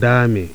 dame